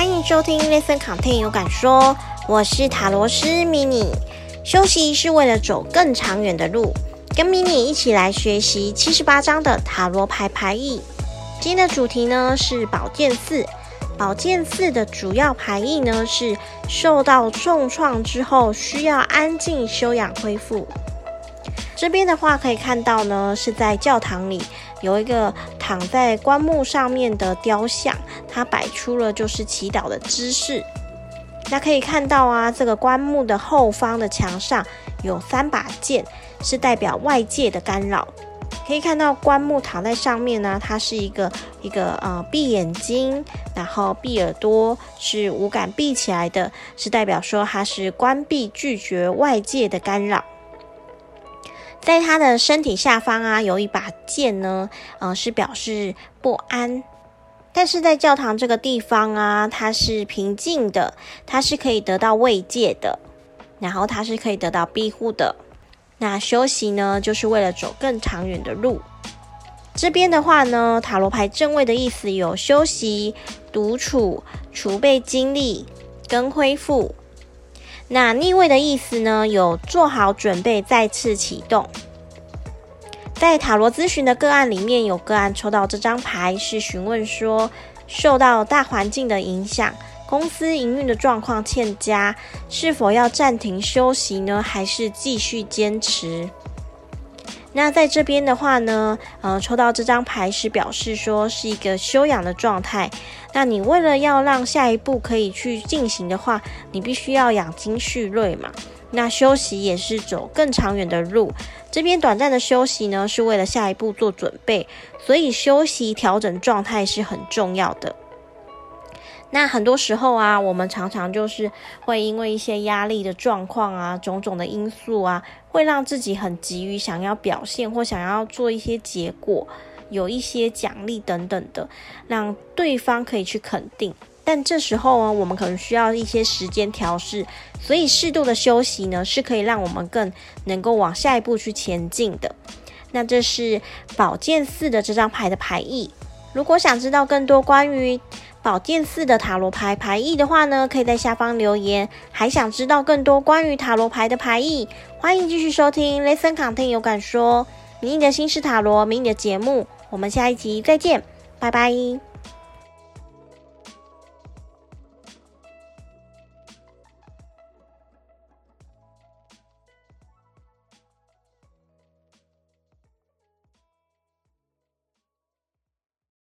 歡迎收聽《Listen Content》，有感說，我是塔羅師 mini。休息是為了走更長遠的路。跟 mini 一起來學習七十八張的塔羅牌牌意。今天的主題呢是寶劍四。寶劍四的主要牌意呢是受到重創之後，需要安靜休養恢復。這邊的話可以看到呢，是在教堂裡有一個躺在棺木上面的雕像，它擺出了就是祈禱的姿勢。那可以看到啊，這個棺木的後方的牆上有三把劍，是代表外界的干擾。可以看到棺木躺在上面呢，它是一個一個呃閉眼睛，然後閉耳朵，是五感閉起來的，是代表說它是關閉拒絕外界的干擾。在他的身體下方啊，有一把劍呢，嗯、呃，是表示不安。但是在教堂這個地方啊，它是平靜的，它是可以得到慰藉的，然後它是可以得到庇護的。那休息呢，就是為了走更長遠的路。這邊的話呢，塔羅牌正位的意思有休息、獨處、儲備精力跟恢復。那逆位的意思呢？有做好準備再次啟動。在塔羅諮詢的個案裡面，有個案抽到這張牌，是詢問說，受到大環境的影響，公司營運的狀況欠佳，是否要暫停休息呢？還是繼續堅持？那在這邊的話呢，呃，抽到這張牌是表示說是一個休養的狀態。那你為了要讓下一步可以去進行的話，你必須要養精蓄銳嘛。那休息也是走更長遠的路，這邊短暫的休息呢，是為了下一步做準備，所以休息調整狀態是很重要的。那很多時候啊，我們常常就是會因為一些壓力的狀況啊，種種的因素啊，會讓自己很急於想要表現或想要做一些結果，有一些獎勵等等的，讓對方可以去肯定。但這時候啊，我們可能需要一些時間調試，所以適度的休息呢，是可以讓我們更能夠往下一步去前進的。那這是寶劍四的這張牌的牌意。如果想知道更多關於，寶劍四的塔羅牌牌意的話呢，可以在下方留言。還想知道更多關於塔羅牌的牌意，歡迎繼續收聽 ListenContent 有感說。迷你的新式塔羅，迷你的節目，我們下一集再見，拜拜。